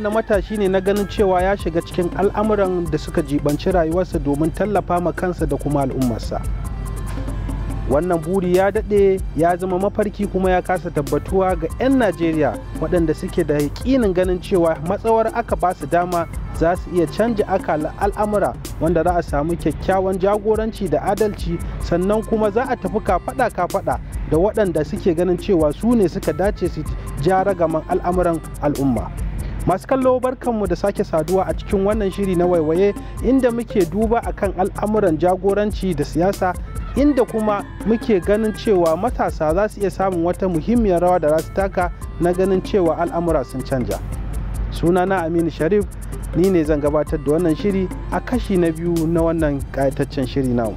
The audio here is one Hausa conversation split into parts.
kowane matashi ne na ganin cewa ya shiga cikin al'amuran da suka jibanci rayuwarsa domin tallafa ma kansa da kuma al'ummarsa wannan buri ya daɗe ya zama mafarki kuma ya kasa tabbatuwa ga 'yan najeriya waɗanda suke da yaƙinin ganin cewa matsawar aka ba su dama za su iya canja akala al'amura wanda za a samu kyakkyawan jagoranci da adalci sannan kuma za a tafi kafaɗa kafaɗa da waɗanda suke ganin cewa su ne suka dace su ja ragaman al'amuran al'umma masu kallo barkanmu da sake saduwa a cikin wannan shiri na waiwaye inda muke duba a kan al'amuran jagoranci da siyasa inda kuma muke ganin cewa matasa za su iya samun wata muhimmiyar rawa da za su taka na ganin cewa al'amura sun canja sunana aminu sharif ni ne zan gabatar da wannan shiri a kashi na biyu na wannan kayataccen shiri namu.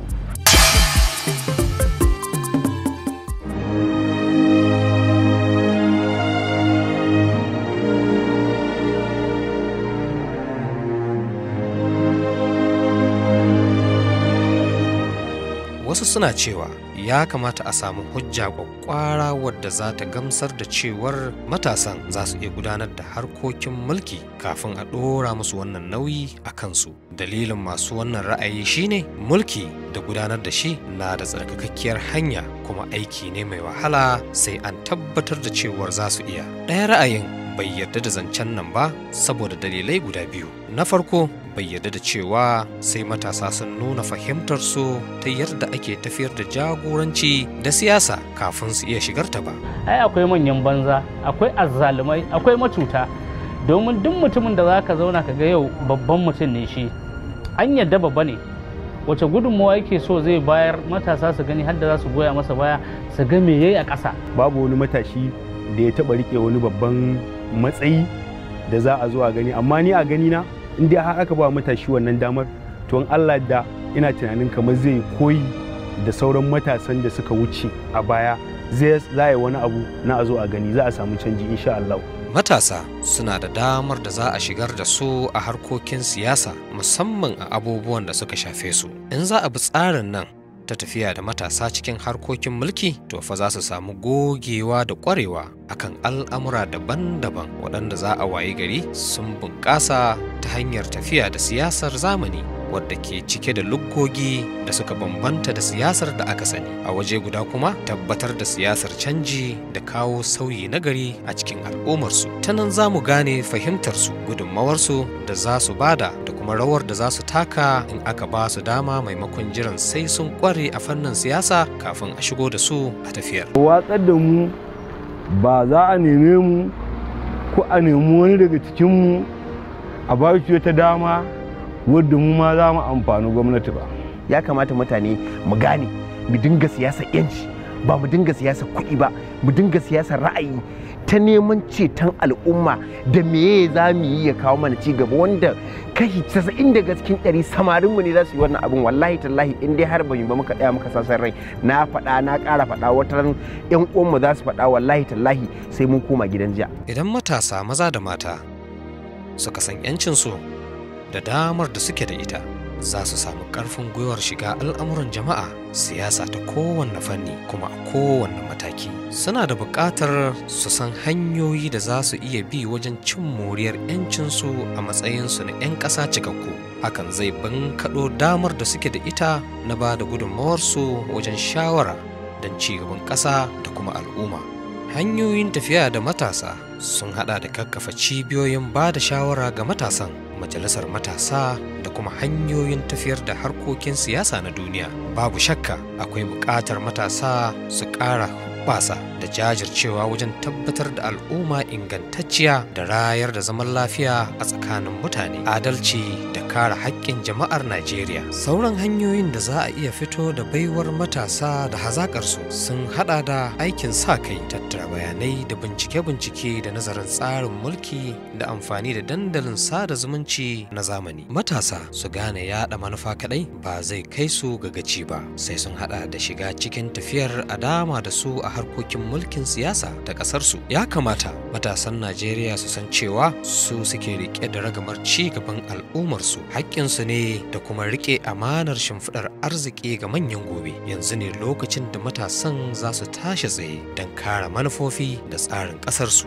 suna cewa ya kamata a samu hujja kwakwara wadda za ta gamsar da cewar matasan za su iya gudanar da harkokin mulki kafin a ɗora musu wannan nauyi a kansu dalilin masu wannan ra'ayi shine mulki da gudanar da shi na da tsarkakakkiyar hanya kuma aiki ne mai wahala sai an tabbatar da cewar za su iya ɗaya ra'ayin bai yarda da zancen nan ba saboda dalilai guda biyu na farko bai yarda da cewa sai matasa sun nuna fahimtar su ta yadda ake tafiyar da jagoranci da siyasa kafin su iya shigar ta ba. Ai akwai manyan banza, akwai azzalumai, akwai macuta. Domin duk mutumin da zaka zauna ka ga yau babban mutum ne shi, an yarda babba ne. Wace gudunmawa yake so zai bayar matasa su gani har da za su goya masa baya su ga me yayi a ƙasa. Babu wani matashi da ya taba rike wani babban matsayi da za a zo a gani amma ni a gani na in dai har aka ba matashi wannan damar to in Allah da ina tunanin kamar zai koyi da sauran matasan da suka wuce a baya zai za yi wani abu na a zo a gani za a samu canji insha Allah matasa suna da damar da za a shigar da su a harkokin siyasa musamman a abubuwan da suka shafe su in za a bi tsarin nan ta tafiya da matasa cikin harkokin mulki to fa za su samu gogewa da ƙwarewa akan al'amura daban-daban waɗanda za a wayi gari sun bunƙasa ta hanyar tafiya da siyasar zamani. wadda ke cike da luggogi da suka bambanta da siyasar da aka sani a waje guda kuma tabbatar da siyasar canji da kawo sauyi nagari a cikin al'ummarsu ta nan za mu gane fahimtarsu gudunmawarsu da za su bada da kuma rawar da za su taka in aka ba su dama maimakon jiran sai sun kware a fannin siyasa kafin a shigo da su a tafiyar. watsar da mu ba za a neme mu ko a nemi wani daga cikinmu a ba ta dama wadda mu ma za mu amfani gwamnati ba ya kamata mutane mu gane mu dinga siyasar yanci ba mu dinga siyasar kuɗi ba mu dinga siyasar ra'ayi ta neman ceton al'umma da meye za mu yi ya kawo mana ci gaba wanda kashi casa'in daga cikin ɗari samarinmu ne za su yi wannan abin wallahi tallahi in dai har ba yi ba muka ɗaya muka sasan rai na faɗa na ƙara faɗa wata ran ƴan uwanmu za su faɗa wallahi tallahi sai mun koma gidan jiya idan matasa maza da mata suka san 'yancin 'yancinsu da damar da suke da ita za su samu ƙarfin gwiwar shiga al'amuran jama'a siyasa ta kowanne fanni kuma a kowanne mataki suna da buƙatar su san hanyoyi da za su iya bi wajen cin moriyar 'yancinsu a matsayinsu na 'yan ƙasa cikakku hakan zai bankaɗo damar da suke da ita na ba da gudunmawarsu wajen shawara don ci gaban ƙasa da kuma al'umma hanyoyin tafiya da matasa sun hada da kakkafa cibiyoyin ba da shawara ga matasan majalisar matasa da kuma hanyoyin tafiyar da harkokin siyasa na duniya babu shakka akwai buƙatar matasa su ƙara basa da jajircewa wajen tabbatar da al'umma ingantacciya da rayar da zaman lafiya a tsakanin mutane adalci kare haƙƙin jama'ar Najeriya. Sauran hanyoyin da za a iya fito da baiwar matasa da hazaƙarsu sun haɗa da aikin sa kai, tattara bayanai da bincike-bincike da nazarin tsarin mulki da amfani da dandalin sada zumunci na zamani. Matasa su gane yaɗa manufa kaɗai ba zai kai su ga gaci ba, sai sun haɗa da shiga cikin tafiyar adama da su a harkokin mulkin siyasa ta ƙasarsu. Ya kamata matasan Najeriya su san cewa su suke riƙe da ragamar ci gaban al'ummarsu haƙƙinsu ne da kuma riƙe amanar shimfiɗar arziki ga manyan gobe yanzu ne lokacin da matasan za su tashi tsaye don kare manufofi da tsarin ƙasarsu.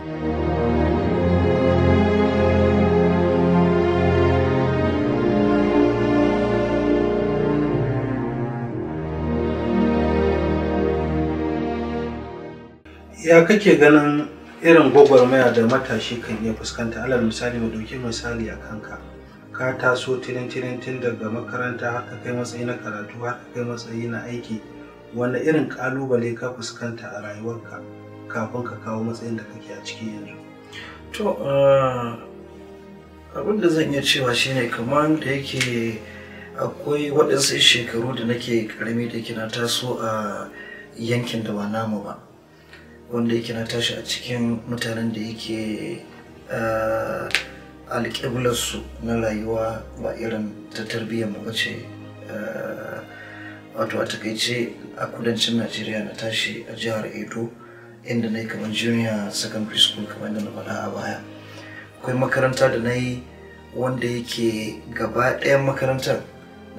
ya kake ganin irin gwagwarmaya da matashi kan iya fuskanta alal misali mai dauke misali a kanka ka taso tirin tin daga makaranta har ka kai matsayi na karatu har ka kai matsayi na aiki wanda irin kalubale ka fuskanta a rayuwarka kafin ka kawo matsayin da kake a ciki yanzu to ah, abin da zan iya cewa shine kamar da yake akwai waɗansu shekaru da nake karami da na taso a yankin da ba namu ba wanda yake na tashi a cikin mutanen da yake ah, alƙiblarsu na rayuwa ba irin ta tarbiyyar mu bace eh, wato a takaice a kudancin najeriya na tashi a jihar edo inda na yi kamar junior secondary school kamar da na faɗa a baya akwai makaranta da na yi wanda yake gaba ɗayan makarantar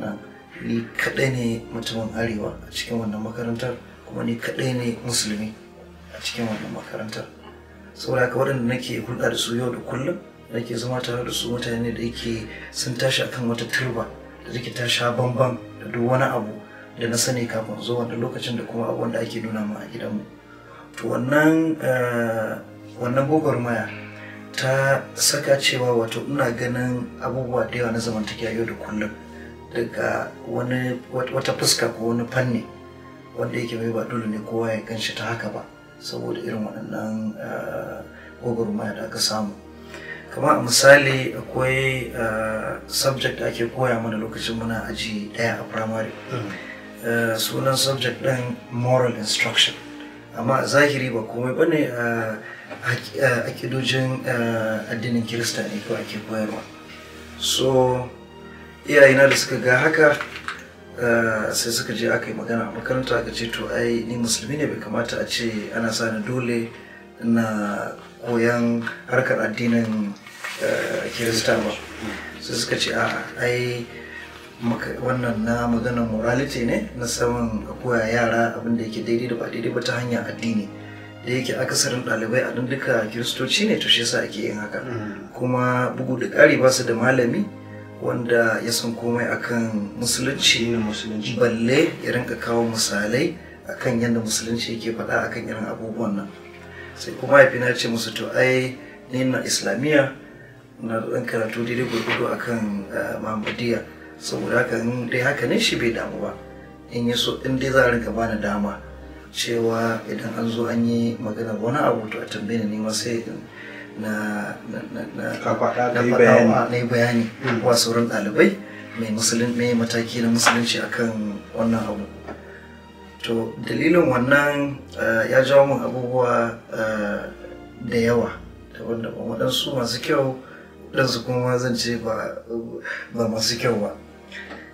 na ni kaɗai ne mutumin arewa a cikin wannan makarantar kuma ni kaɗai ne musulmi a cikin wannan makarantar saboda haka waɗanda nake hulɗa da su yau da kullum da ke zama tare da su mutane da yake sun tashi akan wata turba da take ta sha bamban da duk wani abu da na sani kafin zuwa da lokacin da kuma abubuwan da ake nuna mu a gidanmu to wannan eh, wannan gwagwarmaya ta saka cewa wato ina ganin abubuwa da yawa na zamantakewa yau da kullum daga wani wata fuska ko wani fanni wanda yake mai ba dole ne kowa ya ganshi ta haka ba saboda irin waɗannan eh, gwagwarmaya da aka samu kamar a misali akwai eh, subject ake koya mana lokacin muna aji daya a primary mm. eh, sunan subject ɗin moral instruction amma zahiri ba komai ba ne eh, a kidojin addinin kirista ne ko ake koyarwa so iyayena da suka ga haka sai suka je aka yi magana a makaranta aka ce to ai ni musulmi ne bai kamata a ce ana sani dole na koyan harkar addinin eh, kirista ba su suka ce a ai wannan na maganar morality ne na saman koya yara abin da yake daidai da ba daidai ba ta hanyar addini da yake akasarin ɗalibai a duka kiristoci ne to shi yasa ake yin haka mm. kuma bugu da ƙari ba su da malami wanda ya san komai akan musulunci balle ya rinka kawo misalai akan yadda musulunci yake faɗa akan irin abubuwan nan sai kuma mahaifina ce musu to ai ni na islamiyya na ɗan karatu daidai gurgudu a kan eh, mahamadiyya saboda haka in dai haka ne shi bai damu ba in yi so in dai za a rinka bani dama cewa idan an zo an yi magana wani abu to a tambaye ni ma sai na na yi bayani hmm. wa sauran ɗalibai mai mataki na musulunci akan wannan abu to dalilin wannan eh, ya jawo mun abubuwa eh, da yawa daban-daban waɗansu masu kyau ɗansu kuma zan ce ba masu kyau ba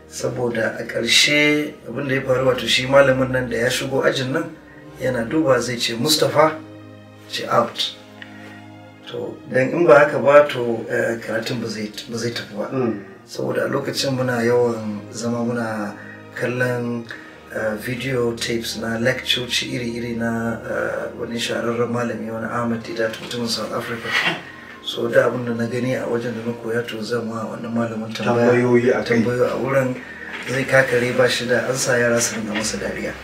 saboda a ƙarshe abin da ya faru wato shi malamin nan da ya shigo ajin nan yana duba zai ce mustapha ce out to don in ba haka ba to eh, karatun ba zai tafi ba mm. saboda a lokacin muna yawan zama muna kallon Eh, video tapes na lectuci iri-iri na eh, wani shahararren malami wani ahmad didat mutumin south africa so da abin da na gani a wajen da na koya to zan wa wannan malamin tambayoyi a tambayo a wurin zai kakare ba shi da an sa yara su dinga masa dariya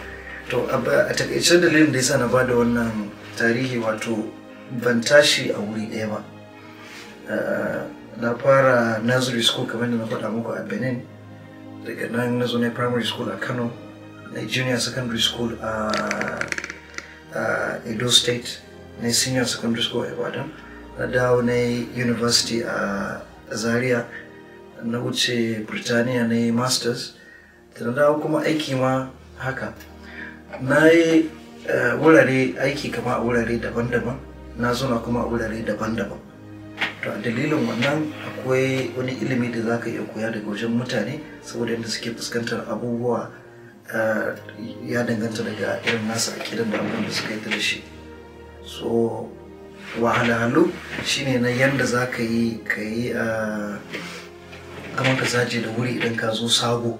to a takaice dalilin da yasa na bada wannan tarihi wato ban tashi a wuri ɗaya ba eh, na fara nursery school kamar da na faɗa muku a benin daga nan na zo na primary school a kano junior secondary school a uh, uh, edo state na senior secondary school a ibadan na dawo na university a uh, zaria na wuce birtaniya na yi masters da na dawo kuma aiki ma haka na yi wurare aiki kama a wurare daban-daban na zauna kuma a wurare daban-daban to a dalilin wannan akwai wani ilimi da za ka iya koya daga wajen mutane saboda yadda suke fuskantar abubuwa ya danganta daga irin nasa akidan da abin da suka yi da shi so wahalhalu shine na yanda za ka yi ka yi kamar zaje da wuri idan ka zo sabo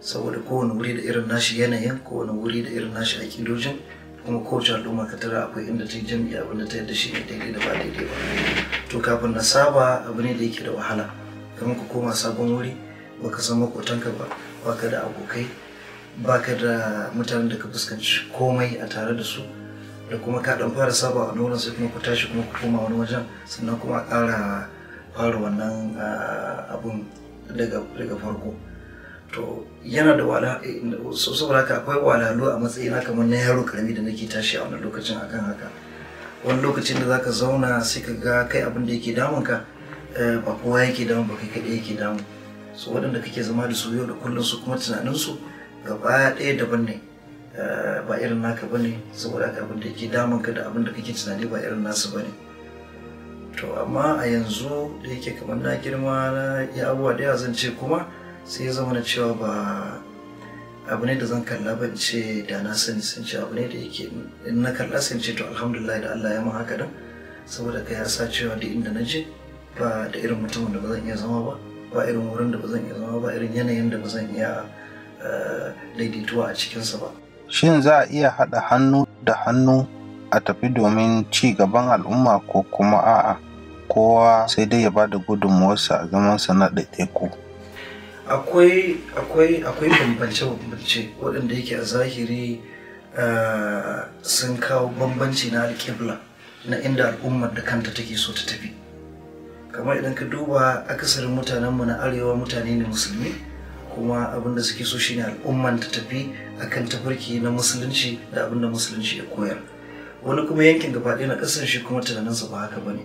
saboda kowane wuri da irin nashi yanayin kowane wuri da irin nashi akidojin kuma kowace al'umma ka tara akwai inda ta yi jami'a abin da ta yadda shi daidai da ba daidai ba to kafin na saba abu ne da yake da wahala kamar ka koma sabon wuri baka san makotanka ba baka da abokai baka da mutanen da ka fuskanci komai a tare da su da kuma ka dan fara saba a nonon sai kuma ku tashi kuma ku koma wani wajen sannan kuma ƙara fara wannan ah, abun daga farko to yana da wala so eh, saboda ka akwai walalu a matsayina kamar na yaro karami da nake tashi a wannan lokacin akan haka wani lokacin da zaka zauna sai ka ga kai abin da yake damun ka eh, ba kowa yake damun ba kai kaɗai yake damun so waɗanda kake zama da su yau da kullum su kuma tunaninsu su gaba ɗaya daban ne eh, ba irin naka ba ne saboda haka abin da ke damun ka da abin da kake tunani ba irin nasu ba ne to amma a yanzu da yake kamar na girma na ya abubuwa da yawa zan ce kuma sai ya zama na cewa ba abu ne da zan kalla ba ce da na sani sun ce abu ne da yake in na kalla sun ce to alhamdulillah da Allah ya ma haka don saboda ka ya sa cewa da inda na je ba da irin mutumin da ba zan iya zama ba ba irin wurin da ba zan iya zama ba irin yanayin da ba zan iya daidaituwa a cikinsa ba. Shin za a iya haɗa hannu da hannu a tafi domin ci gaban al'umma ko kuma a'a kowa sai dai ya ba da gudunmuwarsa a zamansa na ɗaiɗaiku. Akwai akwai bambance-bambance waɗanda yake a zahiri eh, sun kawo bambanci na alƙibla na inda al'ummar da kanta take so ta tafi. Kamar idan ka duba akasarin mutanenmu na arewa mutane ne musulmi. kuma abin da suke so shine al'umman ta tafi akan tafarki na musulunci da abin da musulunci ya koyar wani kuma yankin gaba ɗaya na ƙasar shi kuma tunaninsa ba haka bane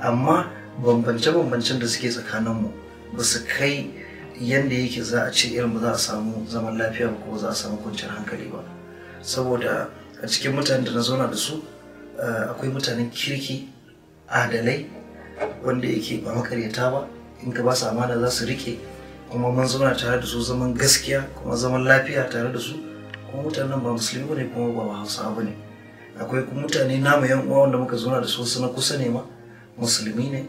amma bambance-bambancen da suke tsakaninmu ba su kai yanda yake za a ce irin ba za a samu zaman lafiya ba ko za a samu kwanciyar hankali ba saboda a cikin mutanen da na zauna da su eh, akwai mutanen kirki adalai wanda yake ba makaryata ba in ka ba su amana za su rike kuma mun zauna tare da su zaman gaskiya kuma zaman lafiya tare da su kuma mutanen ba musulmi ne kuma ba hausawa bane ne akwai kuma mutane namu yan uwa wanda muka zauna da su wasu na kusa ne ma musulmi ne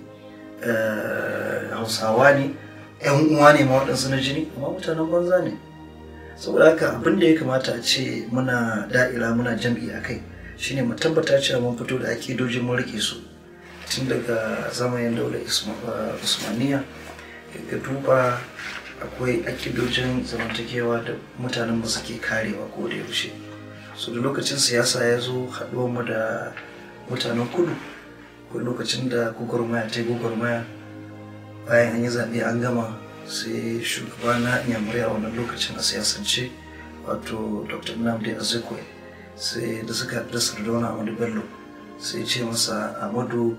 eh, hausawa ne yan uwa ne ma waɗansu na jini amma mutanen banza ne saboda haka abin da ya kamata a ce muna da'ira muna jam'i a kai shine mu tabbata cewa mun fito da akidojin mun rike su tun daga zamanin daular eh, usmaniya ka duba akwai akidojin zamantakewa da mutanen ba suke karewa ko da yaushe Su da lokacin siyasa ya zo haɗuwa mu da mutanen kudu ko lokacin da gugurmaya ta gugurmaya bayan an yi zaɓe an gama sai shugaba na nyamuri a wannan lokacin a siyasance wato dr nnamdi azikwe sai da suka haɗu da sardauna amadu bello sai ce masa amadu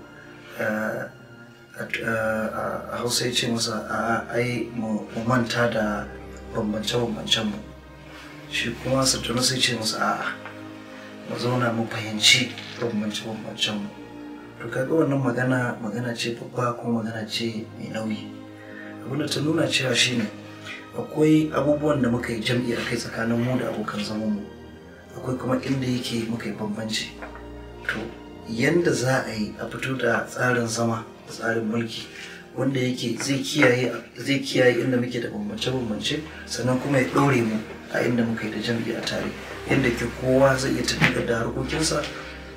eh, a hausa ya ce masa a ai mu manta da bambance-bambancen mu shi kuma sattuna sai ce masa a'a mu zauna mu fahimci bambance-bambancen mu to kaga wannan magana magana ce babba kuma magana ce mai nauyi abinda ta nuna cewa shine akwai abubuwan da muka yi jam'i a kai tsakanin mu da abokan zaman mu akwai kuma inda yake muka yi bambanci yanda za a yi a fito da tsarin zama da tsarin mulki wanda yake zai kiyaye inda muke da bambance-bambance sannan kuma ya ɗore mu a inda muka yi da jam'i a tare yadda ke kowa zai iya tafi da harkokinsa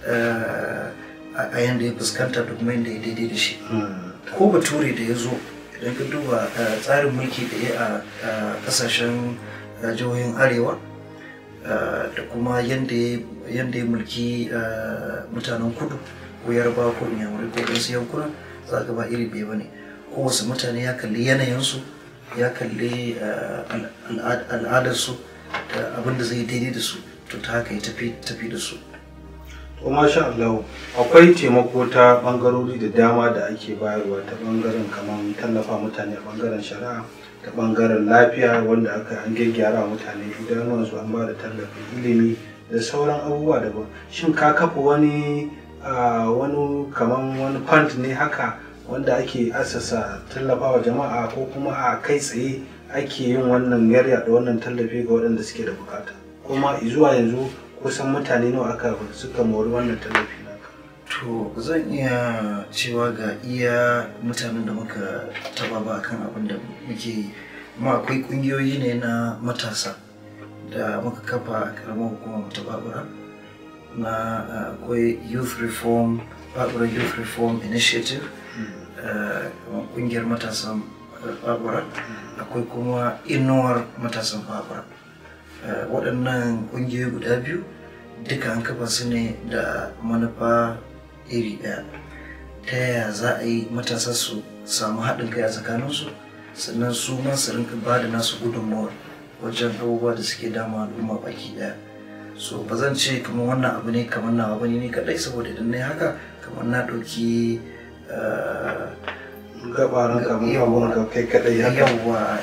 eh, a yanda ya fuskanta da kuma yadda ya daidai da shi ko bature da ya zo idan ka duba eh, tsarin mulki da ya a ƙasashen eh, jihohin arewa da kuma yadda ya mulki eh, mutanen kudu ko yarba ko inyamuri ko ɗansu yankuna za ka ba iri bai ba ne ko kowace mutane ya kalli yanayinsu ya kalli eh, al'adarsu da abin da zai daidai da su to ta haka ya tafi da su to masha Allah akwai taimako ta bangarori da dama da ake bayarwa ta bangaren kamar tallafa mutane a bangaren shari'a ta bangaren lafiya wanda aka an gyaggyara mutane su an ba da tallafin ilimi da sauran abubuwa daban shin ka kafa wani wani kaman wani fund ne haka wanda ake asasa tallafawa jama'a ko kuma a kai tsaye ake yin wannan yarya da wannan tallafi ga waɗanda suke da bukata kuma zuwa yanzu kusan mutane nawa aka suka mori wannan tallafi To zan iya cewa ga iya mutanen da muka taba ba kan abin da muke yi. ma akwai ƙungiyoyi ne na matasa da muka kafa a ƙaramar hukumar ta Babura. Na akwai Youth Reform, Babura Youth Reform Initiative, mm. eh, ƙungiyar matasan Babura. Akwai kuma inuwar matasan Babura. Eh, waɗannan ƙungiyoyi guda biyu duka an kafa su ne da manufa iri ɗaya ta yaya za a yi matasa su samu haɗin kai a tsakaninsu sannan su ma su rinka ba da nasu gudunmawar wajen abubuwa da suke dama al'umma baki ɗaya so ba zan ce kamar wannan abu ne kamar nawa ba ne kaɗai saboda idan na haka kamar na ɗauki eh, gabaran kamar kai kaɗai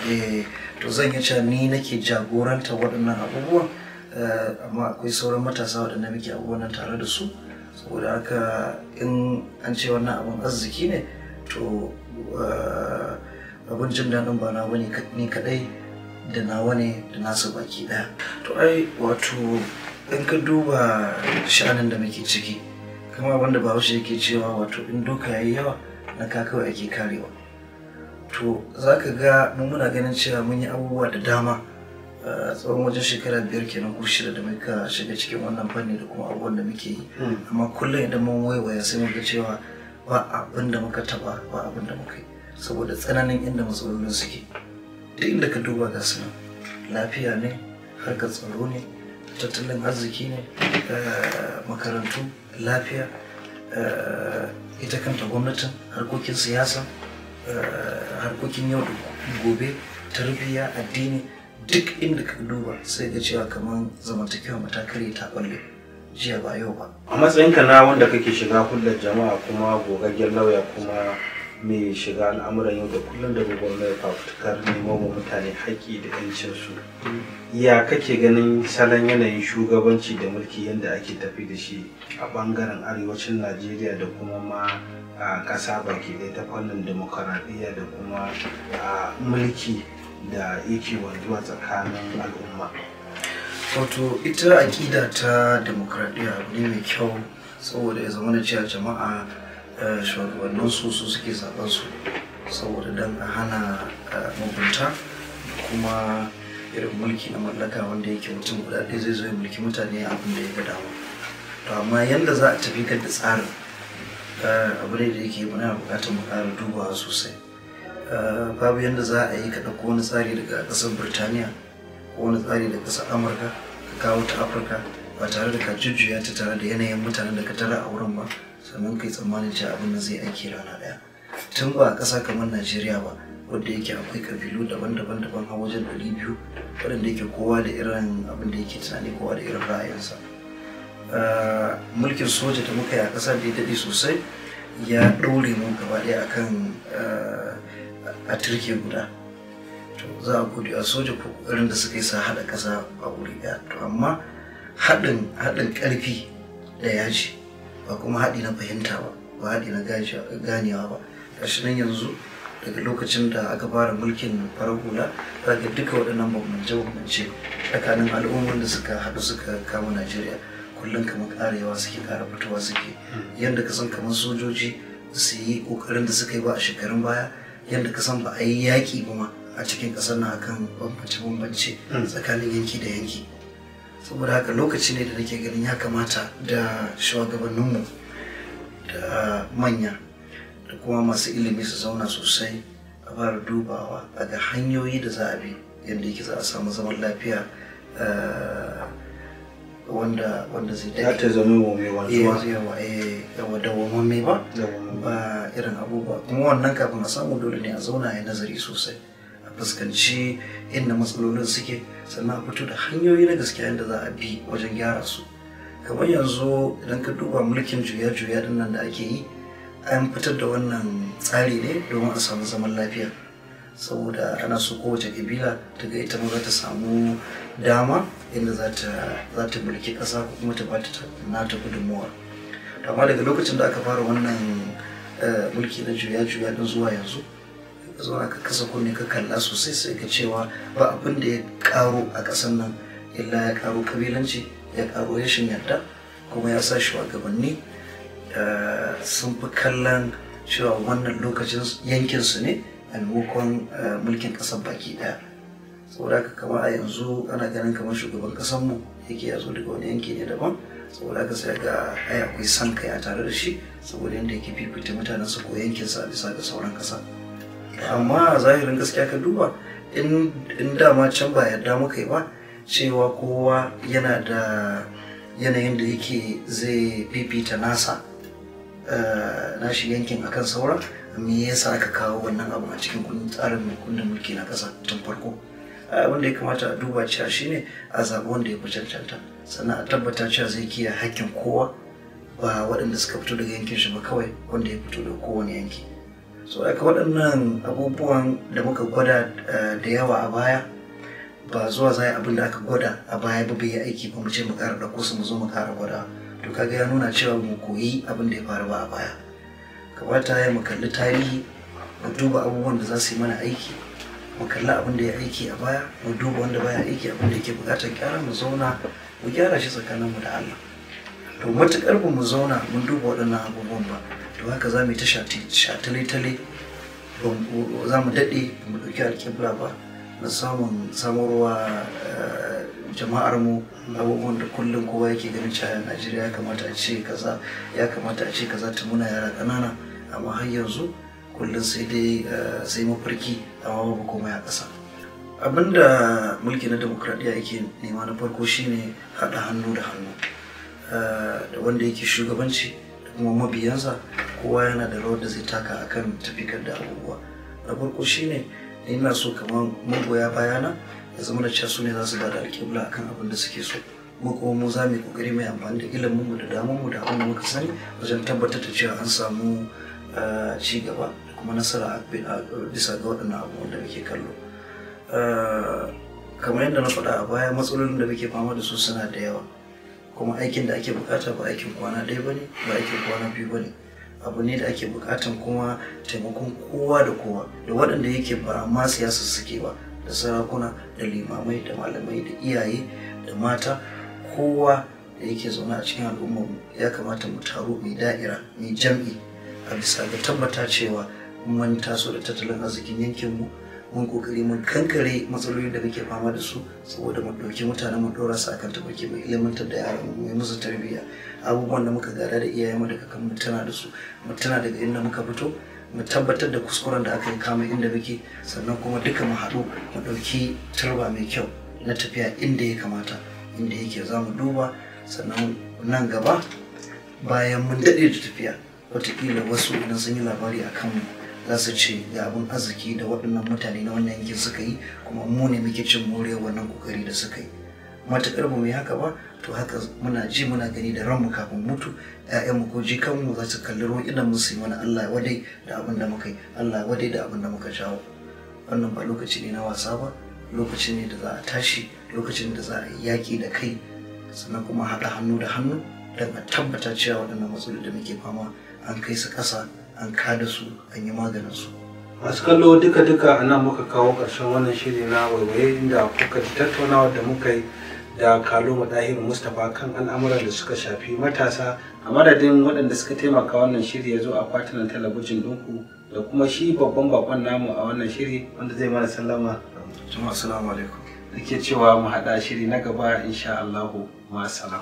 eh, to zan yi cewa ni nake jagoranta waɗannan abubuwan eh, amma akwai sauran matasa waɗanda muke abubuwan tare da su saboda haka in an ce wannan abin arziki ne to eh, abin jin daɗin ba nawa ne kaɗai da nawa ne da nasu baki ɗaya to ai wato in ka duba sha'anin da muke ciki kama abin da bahaushe yake cewa wato in doka yayi yawa na kawai ake karewa to za ka ga mun muna ganin cewa mun yi abubuwa da dama tsawon wajen shekara biyar kenan ko shida da muka shiga cikin wannan fanni da kuma abubuwan da muke yi hmm. amma kullum idan mun waiwaya sai muka cewa ba abin da muka taba ba abin da muka yi saboda tsananin inda matsalolin suke duk inda ka duba ga suna lafiya ne harkar tsaro ne tattalin arziki ne eh, makarantu lafiya eh, ita kanta gwamnatin harkokin siyasa eh, harkokin yau da gobe tarbiyya addini duk inda ka duba sai ga cewa kamar zamantakewa mu ta karye ta balle jiya ba yau ba a matsayinka na wanda kake shiga hulɗar jama'a kuma gogaggen lauya kuma mai shiga al'amuran yau da kullum da gobe mai fafutukar neman wa mutane haƙƙi da 'yancinsu ya kake ganin salon yanayin shugabanci da mulki yadda ake tafi da shi a bangaren arewacin najeriya da kuma ma a ƙasa baki ɗaya ta fannin demokaradiyya da kuma mulki da yake wanzuwa tsakanin al'umma wato ita aƙida ta demokradiyya ne mai kyau saboda ya zama cewa jama'a eh, shugabannin su su suke zaɓansu su saboda don a hana eh, mabunta kuma irin mulki na mallaka wanda yake mutum guda ɗaya zai zo ya mulki mutane abin da ya ga dama to amma yadda za a tafi da tsarin eh, abu ne da yake muna buƙatar mu ƙara dubawa sosai Eh, babu yadda za a yi ka ɗauko wani tsari daga ƙasar Birtaniya ko wani tsari daga ƙasar Amurka ka kawo ta Afirka ba tare da ka jujjuya ta tare da yanayin mutanen da ka tara a wurin ba sannan kai tsammanin cewa abin da zai aiki rana ɗaya tun ba ƙasa kamar Najeriya ba wadda yake akwai kabilu daban-daban daban a wajen ɗari biyu waɗanda yake kowa da irin abin da yake tunani kowa da irin ra'ayinsa eh, mulkin soja da muka yi a ƙasa da ya daɗe sosai ya ɗore mu gaba ɗaya akan eh, a turke guda to za a gode a soja ko kokarin da suka yi sa haɗa ƙasa a wuri ɗaya to amma haɗin haɗin ƙarfi da yaji ba kuma haɗi na fahimta ba ba haɗi na ganewa ba gashi nan yanzu daga lokacin da aka fara mulkin farar hula ga duka waɗannan bambance bambance tsakanin al'ummar da suka haɗu suka kama najeriya kullum kamar ƙarewa suke ƙara fitowa suke hmm. yadda ka san kamar sojoji su yi ƙoƙarin da suka yi ba a shekarun baya yadda ka san ba a yi yaƙi ba ma a cikin ƙasar na kan bambance-bambance mm. tsakanin yanki da yanki saboda haka lokaci ne da nake ganin ya kamata da shugabanninmu da manya da kuma masu ilimi su zauna sosai a fara dubawa a ga hanyoyi da za a bi yadda yake za a samu zaman lafiya eh, wanda zai daɗe. Ya ta zama mai wanzuwa. Eh, eh, yawa dawwamamme ba ba irin abubuwa kuma wannan kafin a samu dole ne a zauna ya nazari sosai a fuskanci inda matsalolin suke sannan a fito da hanyoyi na gaskiya da za a bi wajen gyara su kamar yanzu idan ka duba mulkin juya-juya din nan da ake yi an fitar da wannan tsari ne domin a samu zaman lafiya saboda ana so kowace kabila ta ga ita za ta samu dama inda za ta mulki ƙasa ko kuma ta ba ta nata gudunmuwa amma daga lokacin da aka fara wannan eh, mulki na juya-juya din zuwa yanzu zuwa ka kasa kunne ka kalla sosai sai ka cewa ba abin da ya karo a ƙasar nan illa ya karo kabilanci ya karo rashin yarda kuma ya sa shugabanni eh, sun fi kallon cewa wannan lokacin yankinsu ne a maimakon eh, mulkin ƙasar baki ɗaya saboda haka kama a yanzu ana ganin kamar shugaban mu yake ya zo daga wani yanki ne daban saboda haka sai ga ai akwai san kai a tare da shi saboda yadda yake fifita mutanen su ko yankin sa bisa ga sauran kasa amma zahirin gaskiya ka duba in da in ma can ba yarda muka yi ba cewa kowa yana da yanayin da yake zai fifita nasa eh, nashi yankin akan sauran me yasa aka kawo wannan abu a cikin tsarin kundin mulki na kasa tun farko abin da ya kamata a duba cewa shine a zaɓi wanda ya fi cancanta sannan a tabbata cewa zai kiyaye hakkin kowa ba waɗanda suka fito daga yankin shi ba kawai wanda ya fito daga kowane yanki so aka waɗannan abubuwan da muka gwada eh, da yawa a baya ba zuwa zai abin da aka gwada a baya ba bai yi aiki ba mu ce mu ƙara ɗauko su mu zo mu ƙara gwada to kaga ya nuna cewa mu koyi abin da ya faru ba a baya kamata ya mu kalli tarihi mu duba abubuwan da za su yi mana aiki mu kalli abin da ya aiki a baya mu duba wanda baya aiki abin da yake bukatar gyara mu zauna mu gyara shi tsakanin mu da Allah to matukar ba mu zauna mun duba waɗannan abubuwan ba to haka za mu yi ta shatale-tale za mu daɗe mu ɗauki alƙibla ba na samun samarwa eh, jama'ar mu abubuwan da kullum kowa yake ganin cewa Najeriya ya kamata a ce kaza ya kamata a ce kaza ta muna yara ƙanana amma har yanzu kullum sai dai eh, sai mafarki a wawa komai a ƙasa abinda mulki na demokradiyya yake nema na farko shine haɗa hannu da hannu eh, da wanda yake shugabanci da kuma mabiyansa kowa yana da rawar da zai taka akan tafikar da abubuwa na farko shine ina so kamar magoya bayana ya zama da cewa su ne za su ba da alƙibla akan abin da suke so mu kuma mu za mu kokari mai amfani da ilimin mu da damar mu da abin da muka sani wajen tabbatar da cewa an samu eh, ci gaba kuma nasara bisa ga waɗannan abubuwan da muke kallo eh, kamar yadda na faɗa a baya matsalolin da muke fama da su suna da yawa kuma aikin da ake bukata ba aikin kwana ɗaya ba ne ba aikin kwana biyu ba ne abu ne da ake bukatan kuma taimakon kowa da kowa da waɗanda yake ba ma siyasa suke ba da sarakuna da limamai da malamai da iyaye da mata kowa da yake zaune a cikin al'ummar ya kamata mu taru mai da'ira mai jam'i a bisa ga tabbata cewa mun taso da tattalin arzikin yankin mu mun kokari mun kankare matsalolin da muke fama da su saboda mu ɗauki mutanen mu ɗora su akan tabbaki mai ilimantar da yaran mu musu tarbiyya abubuwan da muka gada da mu daga kan mu tana da su mu tana daga inda muka fito mu tabbatar da kuskuren da aka yi kama inda muke sannan kuma duka mu haɗu mu ɗauki turba mai kyau na tafiya inda ya kamata inda yake za mu duba sannan nan gaba bayan mun daɗe da tafiya watakila wasu idan sun yi labari a kanmu za su ce ga abun arziki da waɗannan mutane na wannan yankin suka yi kuma mu ne muke cin moriyar wannan kokari da suka yi matuƙar ba mu yi haka ba to haka muna ji muna gani da ranmu kafin mutu mu ko jikanmu za su kalli ruwan idan musu yi mana Allah wadai da abin da muka yi Allah wadai da abin da muka jawo wannan ba lokaci ne na wasa ba lokaci ne da za a tashi lokacin da za a yi yaƙi da kai sannan kuma haɗa hannu da hannu don a tabbata cewa waɗannan matsaloli da muke fama an kai su ƙasa an kada su an yi maganin su masu kallo duka-duka a nan muka kawo ƙarshen wannan shiri na waiwaye inda kuka ji tattaunawa da muka yi da kalo madahiru mustapha kan al'amuran da suka shafi matasa a madadin waɗanda suka taimaka wannan shiri ya zo a kwatunan talabijin ɗinku da kuma shi babban bakon namu a wannan shiri wanda zai mana sallama Juma assalamu alaikum nake cewa mu haɗa shiri na gaba insha Allahu ma salam